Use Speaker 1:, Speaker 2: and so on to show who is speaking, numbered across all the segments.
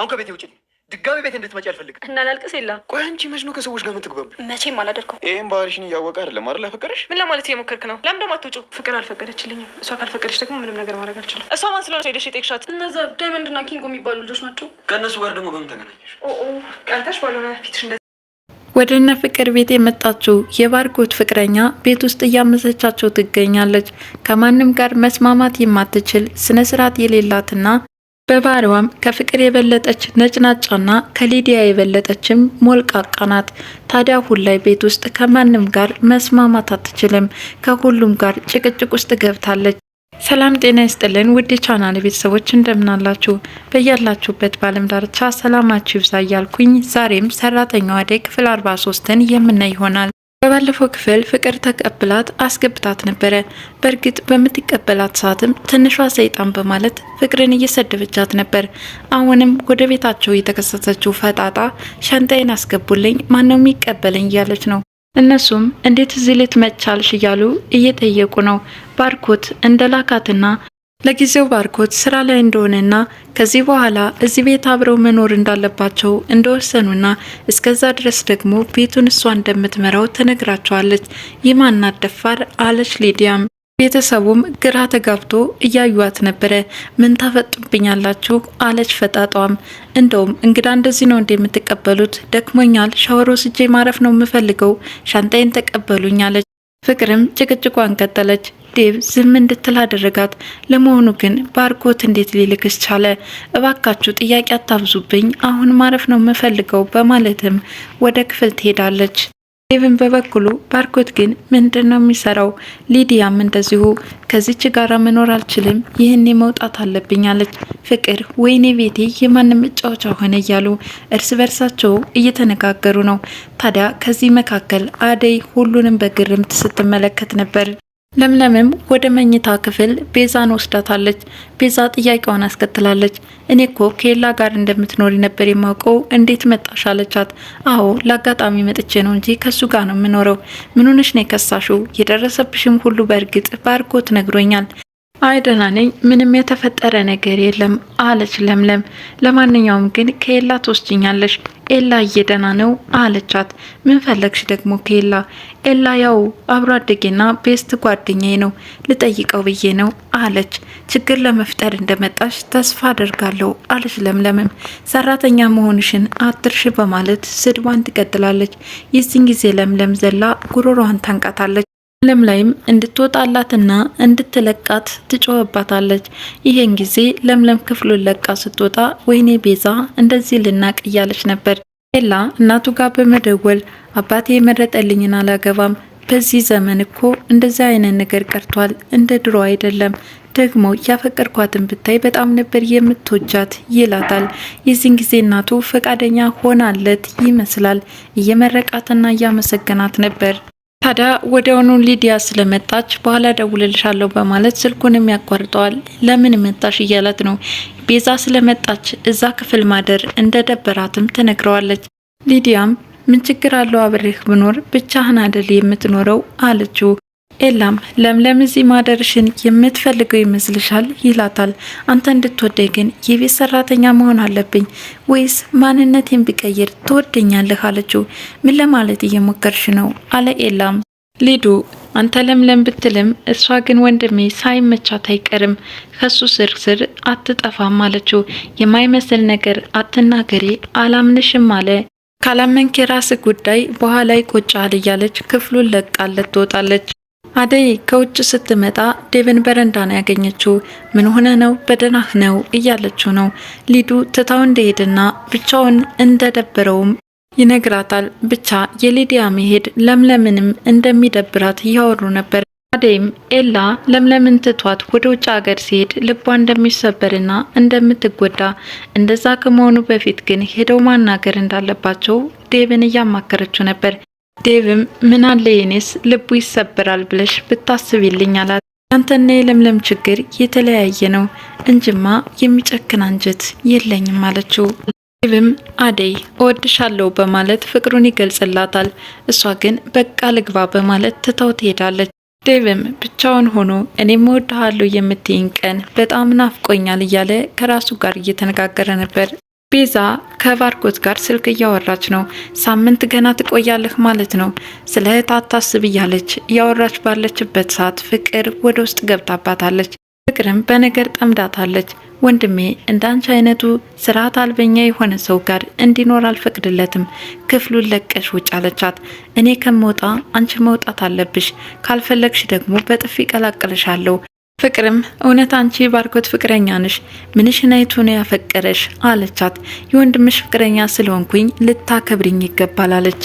Speaker 1: አሁን ከቤት ውጭ ድጋሚ ቤት እንድትመጪ አልፈልግም። እና ላልቅስ የለ። ቆይ አንቺ መች ነው ከሰዎች ጋር የምትግባቡ?
Speaker 2: መቼም አላደርገው።
Speaker 1: ይህም ባህሪሽን እያወቀ አይደለም አይደል ያፈቀረሽ?
Speaker 2: ምን ለማለት እየሞከርክ ነው? ለምን ደግሞ አትውጪ? ፍቅር አልፈቀደችልኝም። እሷ ካልፈቀደች ደግሞ ምንም ነገር ማድረግ አልችልም። እሷ ማን ስለሆነ ሄደሽ የጤቅሻት? እነዛ ና ኪንጎ የሚባሉ ልጆች ናቸው።
Speaker 1: ከእነሱ ጋር ደግሞ በምን ተገናኘሽ?
Speaker 2: ቀልተሽ ባልሆነ ፊትሽ
Speaker 3: ወደ እነ ፍቅር ቤት የመጣችው የባርኮት ፍቅረኛ ቤት ውስጥ እያመሰቻቸው ትገኛለች። ከማንም ጋር መስማማት የማትችል ስነ ስርዓት የሌላትና በባህሪዋም ከፍቅር የበለጠች ነጭናጫና ከሊዲያ የበለጠችም ሞልቃቃ ናት። ታዲያ አሁን ላይ ቤት ውስጥ ከማንም ጋር መስማማት አትችልም። ከሁሉም ጋር ጭቅጭቅ ውስጥ ገብታለች። ሰላም ጤና ይስጥልን ውድ ቻናል ቤተሰቦች እንደምናላችሁ፣ በያላችሁበት በአለም ዳርቻ ሰላማችሁ ይብዛ እያልኩኝ ዛሬም ሰራተኛዋ አደይ ክፍል 43ን የምናይ ይሆናል። በባለፈው ክፍል ፍቅር ተቀብላት አስገብታት ነበረ። በእርግጥ በምትቀበላት ሰዓትም ትንሿ ሰይጣን በማለት ፍቅርን እየሰደበቻት ነበር። አሁንም ወደ ቤታቸው የተከሰተችው ፈጣጣ ሻንጣዬን አስገቡልኝ፣ ማነው የሚቀበለኝ እያለች ነው። እነሱም እንዴት እዚህ ልትመጪ እያሉ እየጠየቁ ነው። ባርኮት እንደ ላካትና ለጊዜው ባርኮት ስራ ላይ እንደሆነና ከዚህ በኋላ እዚህ ቤት አብረው መኖር እንዳለባቸው እንደወሰኑና እስከዛ ድረስ ደግሞ ቤቱን እሷ እንደምትመራው ትነግራቸዋለች። ይማናት ደፋር አለች ሊዲያም። ቤተሰቡም ግራ ተጋብቶ እያዩዋት ነበረ። ምን ታፈጡብኛላችሁ አለች ፈጣጧም። እንደውም እንግዳ እንደዚህ ነው እንደምትቀበሉት? ደክሞኛል፣ ሻወር ስጄ ማረፍ ነው የምፈልገው፣ ሻንጣይን ተቀበሉኝ አለች። ፍቅርም ጭቅጭቋን ቀጠለች። ዴብ ዝም እንድትል አደረጋት። ለመሆኑ ግን ባርኮት እንዴት ሊልክስ ቻለ? እባካችሁ ጥያቄ አታብዙብኝ፣ አሁን ማረፍ ነው የምፈልገው በማለትም ወደ ክፍል ትሄዳለች። ዴቭን በበኩሉ ባርኮት ግን ምንድን ነው የሚሰራው? ሊዲያም እንደዚሁ ከዚች ጋራ መኖር አልችልም፣ ይህኔ መውጣት አለብኝ አለች። ፍቅር ወይኔ ቤቴ የማንም መጫወቻ ሆነ እያሉ እርስ በርሳቸው እየተነጋገሩ ነው። ታዲያ ከዚህ መካከል አደይ ሁሉንም በግርምት ስትመለከት ነበር። ለምለምም ወደ መኝታ ክፍል ቤዛን ወስዳታለች። ቤዛ ጥያቄዋን አስከትላለች። እኔ እኮ ከኤላ ጋር እንደምትኖሪ ነበር የማውቀው እንዴት መጣሽ? አለቻት። አዎ ለአጋጣሚ መጥቼ ነው እንጂ ከሱ ጋር ነው የምኖረው። ምኑንሽ ነው የከሳሹ? የደረሰብሽም ሁሉ በእርግጥ ባርኮት ነግሮኛል። አይ ደህና ነኝ፣ ምንም የተፈጠረ ነገር የለም አለች ለምለም። ለማንኛውም ግን ከኤላ ትወስጅኛለሽ፣ ኤላ እየደና ነው አለቻት። ምን ፈለግሽ ደግሞ ከኤላ? ኤላ ያው አብሮ አደጌና ቤስት ጓደኛዬ ነው፣ ልጠይቀው ብዬ ነው አለች። ችግር ለመፍጠር እንደመጣሽ ተስፋ አደርጋለሁ አለች ለምለምም። ሰራተኛ መሆንሽን አትርሽ በማለት ስድቧን ትቀጥላለች። የዚህን ጊዜ ለምለም ዘላ ጉሮሯን ታንቃታለች። አለም ላይም እንድትወጣላትና እንድትለቃት ትጮህባታለች። ይሄን ጊዜ ለምለም ክፍሉን ለቃ ስትወጣ ወይኔ ቤዛ እንደዚህ ልናቅ እያለች ነበር። ኤላ እናቱ ጋር በመደወል አባቴ የመረጠልኝን አላገባም፣ በዚህ ዘመን እኮ እንደዚህ አይነት ነገር ቀርቷል፣ እንደ ድሮ አይደለም ደግሞ ያፈቀርኳትን ብታይ በጣም ነበር የምትወጃት ይላታል። የዚህን ጊዜ እናቱ ፈቃደኛ ሆናለት ይመስላል። እየመረቃትና እያመሰገናት ነበር። ታዲያ ወዲያውኑ ሊዲያ ስለመጣች በኋላ ደውልልሻለሁ በማለት ስልኩንም ያቋርጠዋል። ለምን መጣሽ እያላት ነው። ቤዛ ስለመጣች እዛ ክፍል ማደር እንደ ደበራትም ትነግረዋለች። ሊዲያም ምን ችግር አለው አብሬህ ብኖር ብቻህን አደል የምትኖረው አለችው። ኤላም ለምለም እዚህ ማደርሽን የምትፈልገው ይመስልሻል? ይላታል። አንተ እንድትወደኝ ግን የቤት ሰራተኛ መሆን አለብኝ ወይስ ማንነቴን ቢቀይር ትወደኛለህ? አለችው። ምን ለማለት እየሞከርሽ ነው? አለ ኤላም። ሊዱ አንተ ለምለም ብትልም እሷ ግን ወንድሜ ሳይመቻት አይቀርም ከሱ ስር ስር አትጠፋም አለችው። የማይመስል ነገር አትናገሪ አላምንሽም አለ ካላመንኬ ራስ ጉዳይ በኋላ ይቆጫል እያለች ክፍሉን ለቃለት ትወጣለች። አደይ ከውጭ ስትመጣ ዴቭን በረንዳ ነው ያገኘችው። ምን ሆነ ነው በደናህ ነው እያለችው ነው። ሊዱ ትታው እንደሄድና ብቻውን እንደደበረውም ይነግራታል። ብቻ የሊዲያ መሄድ ለምለምንም እንደሚደብራት እያወሩ ነበር። አደይም ኤላ ለምለምን ትቷት ወደ ውጭ ሀገር ሲሄድ ልቧ እንደሚሰበርና እንደምትጎዳ እንደዛ ከመሆኑ በፊት ግን ሄደው ማናገር እንዳለባቸው ዴቭን እያማከረችው ነበር። ዴቭም ምን አለ የኔስ ልቡ ይሰበራል ብለሽ ብታስቢልኝ አላት። ያንተና የለምለም ችግር የተለያየ ነው እንጅማ የሚጨክን አንጀት የለኝም አለችው። ዴቭም አደይ እወድሻለሁ በማለት ፍቅሩን ይገልጽላታል። እሷ ግን በቃ ልግባ በማለት ትተው ትሄዳለች። ዴቭም ብቻውን ሆኖ እኔም እወድሃለሁ የምትይኝ ቀን በጣም ናፍቆኛል እያለ ከራሱ ጋር እየተነጋገረ ነበር። ቤዛ ከባርኮት ጋር ስልክ እያወራች ነው። ሳምንት ገና ትቆያለህ ማለት ነው፣ ስለ እህት አታስብ እያለች እያወራች ባለችበት ሰዓት ፍቅር ወደ ውስጥ ገብታባታለች። ፍቅርም በነገር ጠምዳታለች። ወንድሜ እንዳንቺ አይነቱ ስርዓት አልበኛ የሆነ ሰው ጋር እንዲኖር አልፈቅድለትም። ክፍሉን ለቀሽ ውጭ አለቻት። እኔ ከመውጣ አንቺ መውጣት አለብሽ፣ ካልፈለግሽ ደግሞ በጥፊ ቀላቅልሻለሁ ፍቅርም እውነት አንቺ ባርኮት ፍቅረኛ ነሽ? ምንሽን አይቶ ነው ያፈቀረሽ አለቻት። የወንድምሽ ፍቅረኛ ስለሆንኩኝ ልታከብሪኝ ይገባል አለች።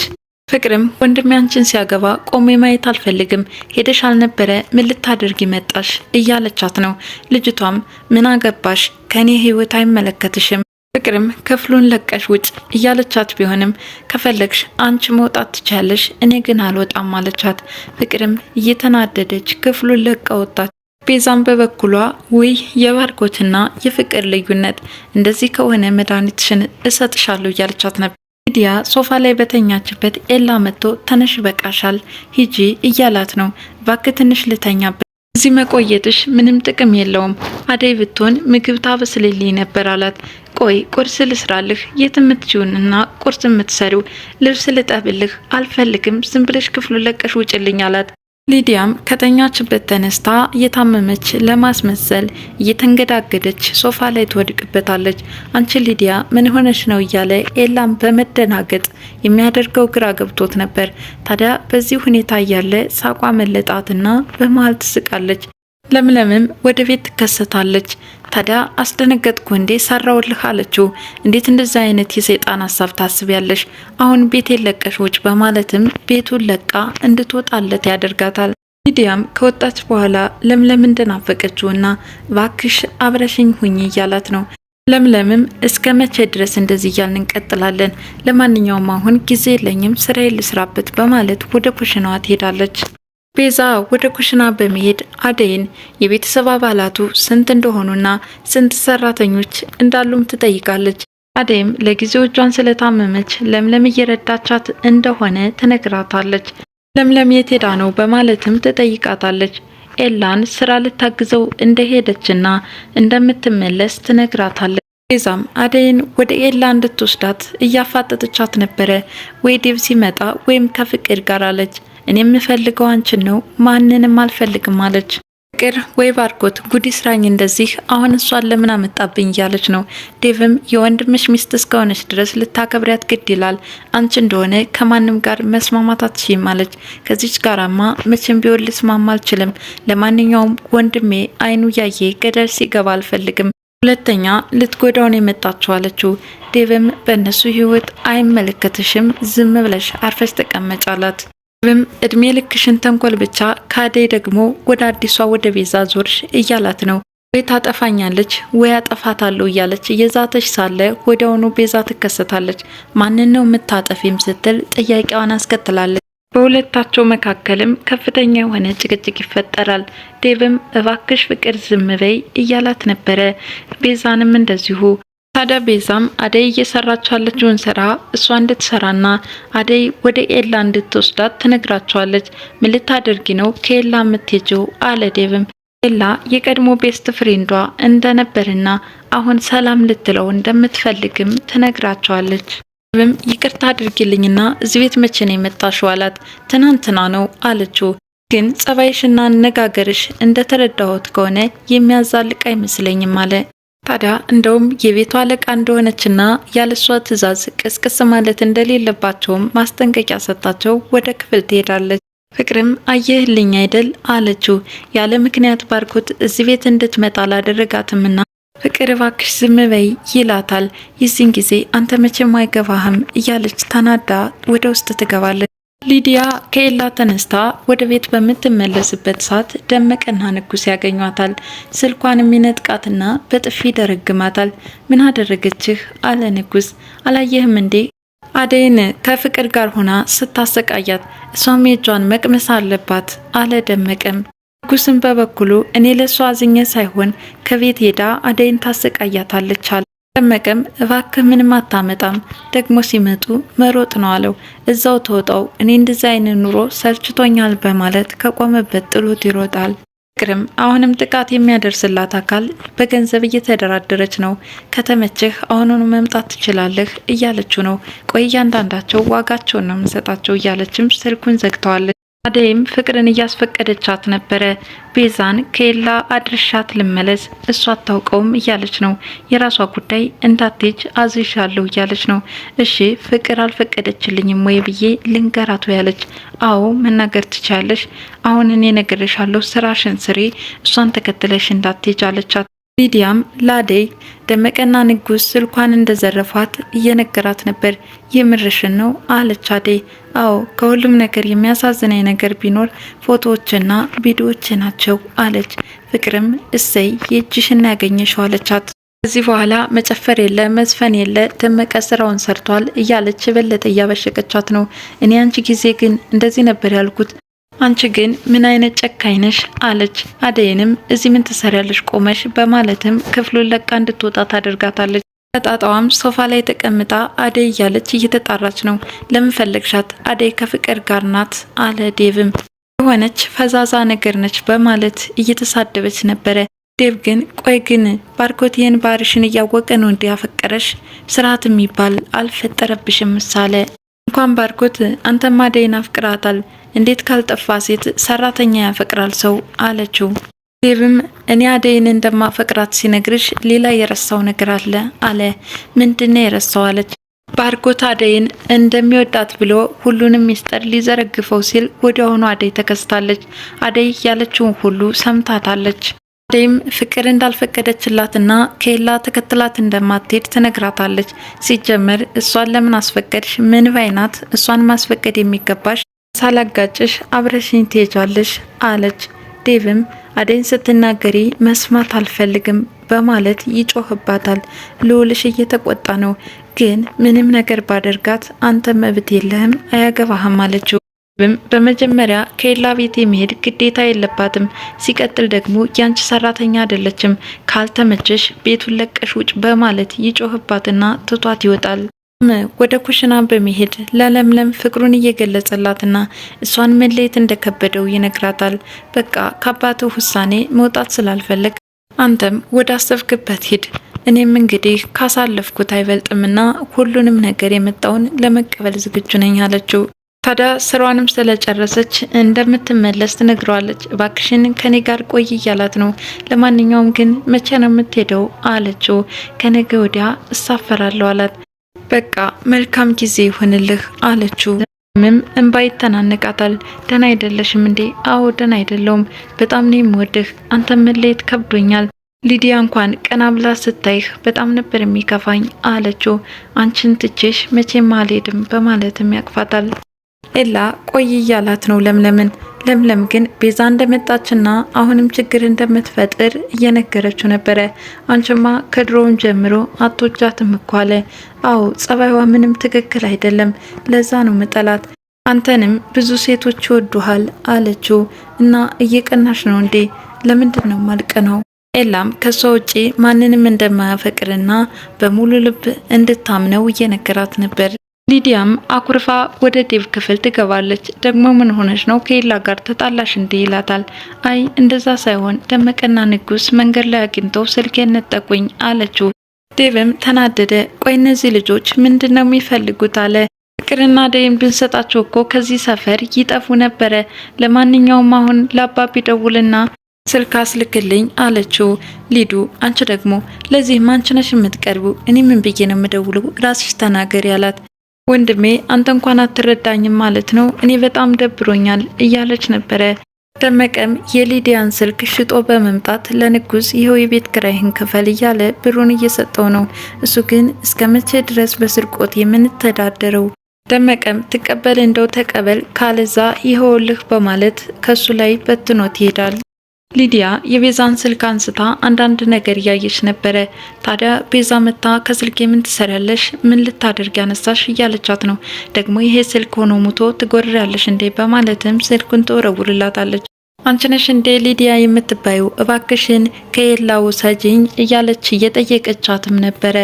Speaker 3: ፍቅርም ወንድሜ አንቺን ሲያገባ ቆሜ ማየት አልፈልግም፣ ሄደሽ አልነበረ ምን ልታደርግ መጣሽ? እያለቻት ነው። ልጅቷም ምን አገባሽ ከእኔ ህይወት አይመለከትሽም፣ ፍቅርም ክፍሉን ለቀሽ ውጭ እያለቻት ቢሆንም ከፈለግሽ አንቺ መውጣት ትቻለሽ፣ እኔ ግን አልወጣም አለቻት። ፍቅርም እየተናደደች ክፍሉን ለቃ ወጣች። ቤዛም በበኩሏ ውይ የባርኮትና የፍቅር ልዩነት እንደዚህ ከሆነ መድኃኒትሽን እሰጥሻለሁ እያለቻት ነበር። ሚዲያ ሶፋ ላይ በተኛችበት ኤላ መጥቶ ተነሽ በቃሻል ሂጂ እያላት ነው። እባክህ ትንሽ ልተኛበት እዚህ መቆየትሽ ምንም ጥቅም የለውም። አደይ ብትሆን ምግብ ታበስልልኝ ነበር አላት። ቆይ ቁርስ ልስራልህ፣ የት የምትችውንና ቁርስ የምትሰሪው ልብስ ልጠብልህ አልፈልግም፣ ዝም ብለሽ ክፍሉ ለቀሽ ውጭልኝ አላት። ሊዲያም ከተኛችበት ተነስታ እየታመመች ለማስመሰል እየተንገዳገደች ሶፋ ላይ ትወድቅበታለች። አንቺ ሊዲያ ምን ሆነች ነው እያለ ኤላም በመደናገጥ የሚያደርገው ግራ ገብቶት ነበር። ታዲያ በዚህ ሁኔታ እያለ ሳቋ መለጣትና በመሀል ትስቃለች። ለምለምም ወደ ቤት ትከሰታለች። ታዲያ አስደነገጥኩ እንዴ ሰራውልህ አለችው። እንዴት እንደዛ አይነት የሰይጣን ሀሳብ ታስቢያለሽ? አሁን ቤት ለቀሽ ውጭ በማለትም ቤቱን ለቃ እንድትወጣለት ያደርጋታል። ሚዲያም ከወጣች በኋላ ለምለም እንደናፈቀችውና ባክሽ አብረሽኝ ሁኝ እያላት ነው። ለምለምም እስከ መቼ ድረስ እንደዚህ እያልን እንቀጥላለን? ለማንኛውም አሁን ጊዜ የለኝም፣ ስራዬን ልስራበት በማለት ወደ ኩሽናዋ ትሄዳለች። ቤዛ ወደ ኩሽና በመሄድ አደይን የቤተሰብ አባላቱ ስንት እንደሆኑና ስንት ሰራተኞች እንዳሉም ትጠይቃለች። አደይም ለጊዜው እጇን ስለታመመች ለምለም እየረዳቻት እንደሆነ ትነግራታለች። ለምለም የት ሄዳ ነው በማለትም ትጠይቃታለች። ኤላን ስራ ልታግዘው እንደሄደችና እንደምትመለስ ትነግራታለች። ቤዛም አደይን ወደ ኤላ እንድትወስዳት እያፋጠጠቻት ነበረ። ወይ ዴቭ ሲመጣ ወይም ከፍቅር ጋር አለች። እኔ የምፈልገው አንቺን ነው፣ ማንንም አልፈልግም አለች። ፍቅር ወይ ባርኮት ጉዲ ስራኝ እንደዚህ አሁን እሷን ለምን አመጣብኝ እያለች ነው። ዴቭም የወንድምሽ ሚስት እስከሆነች ድረስ ልታከብሪያት ግድ ይላል። አንቺ እንደሆነ ከማንም ጋር መስማማት አትችይም አለች። ከዚች ጋራማ መቼም ቢሆን ልስማማ አልችልም። ለማንኛውም ወንድሜ አይኑ እያየ ገደል ሲገባ አልፈልግም። ሁለተኛ ልትጎዳውን የመጣችው አለችው። ዴቭም በእነሱ ህይወት አይመለከትሽም፣ ዝም ብለሽ አርፈሽ ተቀመጫላት ብም እድሜ ልክሽን ተንኮል ብቻ ካደይ ደግሞ ወደ አዲሷ ወደ ቤዛ ዞርሽ እያላት ነው። ወይ ታጠፋኛለች ወይ አጠፋታለሁ እያለች እየዛተች ሳለ ወዲያውኑ ቤዛ ትከሰታለች። ማንን ነው የምታጠፊም ስትል ጥያቄዋን አስከትላለች። በሁለታቸው መካከልም ከፍተኛ የሆነ ጭቅጭቅ ይፈጠራል። ዴብም እባክሽ ፍቅር ዝም በይ እያላት ነበረ። ቤዛንም እንደዚሁ ታዲያ ቤዛም አደይ እየሰራች ያለችውን ስራ እሷ እንድትሰራና አደይ ወደ ኤላ እንድትወስዳት ትነግራቸዋለች። ምን ልታደርጊ ነው ከኤላ የምትሄጂው? አለ ዴቭም። ኤላ የቀድሞ ቤስት ፍሬንዷ እንደነበርና አሁን ሰላም ልትለው እንደምትፈልግም ትነግራቸዋለች። ዴቭም ይቅርታ አድርጊልኝና እዚህ ቤት መቼ ነው የመጣሽው? አላት። ትናንትና ነው አለችው። ግን ጸባይሽና አነጋገርሽ እንደተረዳሁት ከሆነ የሚያዛልቅ አይመስለኝም አለ ታዲያ እንደውም የቤቷ አለቃ እንደሆነችና ያለሷ ትዕዛዝ ቅስቅስ ማለት እንደሌለባቸውም ማስጠንቀቂያ ሰጣቸው። ወደ ክፍል ትሄዳለች። ፍቅርም አየህልኝ አይደል አለችው። ያለ ምክንያት ባርኮት እዚህ ቤት እንድትመጣ አላደረጋትምና ፍቅር እባክሽ ዝም በይ ይላታል። ይዚን ጊዜ አንተ መቼም አይገባህም እያለች ተናዳ ወደ ውስጥ ትገባለች። ሊዲያ ከኤላ ተነስታ ወደ ቤት በምትመለስበት ሰዓት ደመቀና ንጉስ ያገኟታል። ስልኳን የሚነጥቃትና በጥፊ ደረግማታል ምን አደረገችህ አለ ንጉስ። አላየህም እንዴ አደይን ከፍቅር ጋር ሆና ስታሰቃያት፣ እሷም የእጇን መቅመስ አለባት አለ ደመቀም። ንጉስም በበኩሉ እኔ ለእሷ አዝኜ ሳይሆን ከቤት ሄዳ አደይን ታሰቃያታለች አለ። ደመቀም እባክህ ምንም አታመጣም፣ ደግሞ ሲመጡ መሮጥ ነው አለው። እዛው ተወጣው እኔ እንደዚ አይነት ኑሮ ሰልችቶኛል በማለት ከቆመበት ጥሎት ይሮጣል። ፍቅርም አሁንም ጥቃት የሚያደርስላት አካል በገንዘብ እየተደራደረች ነው። ከተመችህ አሁኑኑ መምጣት ትችላለህ እያለችው ነው። ቆይ እያንዳንዳቸው ዋጋቸውን ነው የምንሰጣቸው እያለችም ስልኩን ዘግተዋለች። አደይም ፍቅርን እያስፈቀደቻት ነበረ። ቤዛን ከኤላ አድርሻት ልመለስ፣ እሷ አታውቀውም እያለች ነው። የራሷ ጉዳይ እንዳትሄጅ አዝሻለሁ እያለች ነው። እሺ ፍቅር አልፈቀደችልኝም ወይ ብዬ ልንገራቱ ያለች። አዎ መናገር ትችያለሽ፣ አሁን እኔ ነገርሻለሁ፣ ስራሽን ስሪ፣ እሷን ተከትለሽ እንዳትሄጅ አለቻት። ሊዲያም ለአደይ ደመቀና ንጉስ ስልኳን እንደዘረፏት እየነገራት ነበር። የምርሽን ነው አለች አደይ። አዎ ከሁሉም ነገር የሚያሳዝነኝ ነገር ቢኖር ፎቶዎችና ቪዲዮዎች ናቸው አለች። ፍቅርም እሰይ የእጅሽና ያገኘሽው አለቻት። ከዚህ በኋላ መጨፈር የለ መዝፈን የለ ደመቀ ስራውን ሰርቷል እያለች በለጠ እያበሸቀቻት ነው። እኔ አንቺ ጊዜ ግን እንደዚህ ነበር ያልኩት አንቺ ግን ምን አይነት ጨካኝ ነሽ አለች። አደይንም እዚህ ምን ትሰሪያለሽ ቆመሽ በማለትም ክፍሉን ለቃ እንድትወጣ ታደርጋታለች። በጣጣዋም ሶፋ ላይ ተቀምጣ አደይ እያለች እየተጣራች ነው። ለምን ፈለግሻት? አደይ ከፍቅር ጋር ናት አለ ዴቭም። የሆነች ፈዛዛ ነገር ነች በማለት እየተሳደበች ነበረ። ዴቭ ግን ቆይ ግን ባርኮት ይህን ባህርሽን እያወቀ ነው እንዲያፈቀረሽ ስርዓት የሚባል አልፈጠረብሽም ሳለ እንኳን ባርኮት አንተማ አደይን አፍቅራታል። እንዴት ካልጠፋ ሴት ሰራተኛ ያፈቅራል ሰው አለችው። ዴብም እኔ አደይን እንደማፈቅራት ሲነግርሽ ሌላ የረሳው ነገር አለ አለ። ምንድነው የረሳው አለች። ባርኮት አደይን እንደሚወዳት ብሎ ሁሉንም ሚስጥር ሊዘረግፈው ሲል ወዲያውኑ አደይ ተከስታለች። አደይ ያለችውን ሁሉ ሰምታታለች። አደይም ፍቅር እንዳልፈቀደችላትና ኬላ ተከትላት እንደማትሄድ ትነግራታለች። ሲጀመር እሷን ለምን አስፈቀድሽ? ምን ባይናት እሷን ማስፈቀድ የሚገባሽ ሳላጋጭሽ አብረሽኝ ትሄጃለሽ አለች። ዴቭም አደይን ስትናገሪ መስማት አልፈልግም በማለት ይጮህባታል። ልውልሽ እየተቆጣ ነው፣ ግን ምንም ነገር ባደርጋት አንተ መብት የለህም አያገባህም አለችው። በመጀመሪያ ከኤላ ቤት የመሄድ ግዴታ የለባትም። ሲቀጥል ደግሞ ያንቺ ሰራተኛ አይደለችም፣ ካልተመቸሽ ቤቱን ለቀሽ ውጭ በማለት ይጮህባትና ትቷት ይወጣል። ወደ ኩሽና በመሄድ ለለምለም ፍቅሩን እየገለጸላትና እሷን መለየት እንደከበደው ይነግራታል። በቃ ከአባትህ ውሳኔ መውጣት ስላልፈለግ አንተም ወደ አሰብክበት ሂድ እኔም እንግዲህ ካሳለፍኩት አይበልጥምና ሁሉንም ነገር የመጣውን ለመቀበል ዝግጁ ነኝ አለችው። ታዲያ ስራዋንም ስለጨረሰች እንደምትመለስ ትነግረዋለች። እባክሽን ከኔ ጋር ቆይ እያላት ነው። ለማንኛውም ግን መቼ ነው የምትሄደው አለችው። ከነገ ወዲያ እሳፈራለሁ አላት። በቃ መልካም ጊዜ ይሆንልህ አለችው። ምም እንባ ይተናነቃታል። ደህና አይደለሽም እንዴ? አዎ ደህና አይደለውም። በጣም ነው የምወድህ። አንተ መለየት ከብዶኛል። ሊዲያ እንኳን ቀና ብላ ስታይህ በጣም ነበር የሚከፋኝ አለችው። አንቺን ትቼሽ መቼም አልሄድም በማለትም ያቅፋታል። ኤላ ቆይ እያላት ነው ለምለምን። ለምለም ግን ቤዛ እንደመጣችና አሁንም ችግር እንደምትፈጥር እየነገረችው ነበረ። አንችማ ከድሮውን ጀምሮ አቶጃትም እኮ አለ። አዎ ጸባይዋ ምንም ትክክል አይደለም፣ ለዛ ነው መጠላት። አንተንም ብዙ ሴቶች ይወዱሃል አለችው። እና እየቀናሽ ነው እንዴ? ለምንድን ነው ማልቀ ነው ኤላም ከሷ ውጪ ማንንም እንደማያፈቅርና በሙሉ ልብ እንድታምነው እየነገራት ነበር። ሊዲያም አኩርፋ ወደ ዴቭ ክፍል ትገባለች። ደግሞ ምን ሆነች ነው ከኤላ ጋር ተጣላሽ እንዴ ይላታል። አይ እንደዛ ሳይሆን ደመቀና ንጉስ መንገድ ላይ አግኝተው ስልኬ ነጠቁኝ አለችው። ዴቭም ተናደደ። ቆይ እነዚህ ልጆች ምንድን ነው የሚፈልጉት አለ። ፍቅርና ደይም ብንሰጣቸው እኮ ከዚህ ሰፈር ይጠፉ ነበረ። ለማንኛውም አሁን ለአባቢ ደውልና ስልክ አስልክልኝ አለችው። ሊዱ አንቺ ደግሞ ለዚህ ማንችነሽ የምትቀርቡ እኔ ምን ብዬ ነው የምደውለው? ራስሽ ተናገሪ አላት። ወንድሜ አንተ እንኳን አትረዳኝም ማለት ነው፣ እኔ በጣም ደብሮኛል እያለች ነበረ። ደመቀም የሊዲያን ስልክ ሽጦ በመምጣት ለንጉስ ይኸው የቤት ክራይህን ክፈል እያለ ብሩን እየሰጠው ነው። እሱ ግን እስከ መቼ ድረስ በስርቆት የምንተዳደረው? ደመቀም ትቀበል እንደው ተቀበል፣ ካለዛ ይኸውልህ በማለት ከሱ ላይ በትኖት ይሄዳል። ሊዲያ የቤዛን ስልክ አንስታ አንዳንድ ነገር እያየች ነበረ። ታዲያ ቤዛ መታ ከስልኬ ምን ትሰሪያለሽ? ምን ልታደርግ ያነሳሽ? እያለቻት ነው። ደግሞ ይሄ ስልክ ሆኖ ሙቶ ትጎርሪያለሽ እንዴ? በማለትም ስልኩን ትወረውርላታለች። አንቺ ነሽ እንዴ ሊዲያ የምትባዩ? እባክሽን ከየላ ውሰጂኝ እያለች እየጠየቀቻትም ነበረ።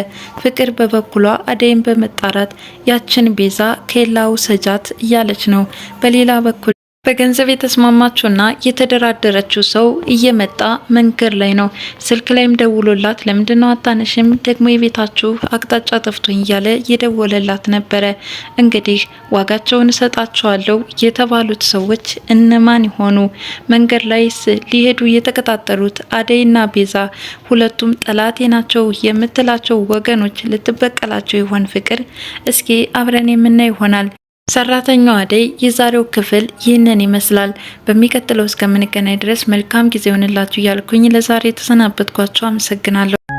Speaker 3: ፍቅር በበኩሏ አደይን በመጣራት ያችን ቤዛ ከየላ ውሰጃት እያለች ነው። በሌላ በኩል በገንዘብ የተስማማችውና የተደራደረችው ሰው እየመጣ መንገድ ላይ ነው። ስልክ ላይም ደውሎላት ለምንድነው አታነሽም? ደግሞ የቤታችሁ አቅጣጫ ጠፍቶኝ እያለ የደወለላት ነበረ። እንግዲህ ዋጋቸውን እሰጣቸዋለሁ የተባሉት ሰዎች እነማን ይሆኑ? መንገድ ላይስ ሊሄዱ የተቀጣጠሩት አደይና ቤዛ ሁለቱም ጠላቴ ናቸው የምትላቸው ወገኖች ልትበቀላቸው ይሆን ፍቅር? እስኪ አብረን የምናይ ይሆናል። ሰራተኛዋ አደይ የዛሬው ክፍል ይህንን ይመስላል። በሚቀጥለው እስከምንገናኝ ድረስ መልካም ጊዜ ሆንላችሁ እያልኩኝ ለዛሬ የተሰናበትኳቸው አመሰግናለሁ።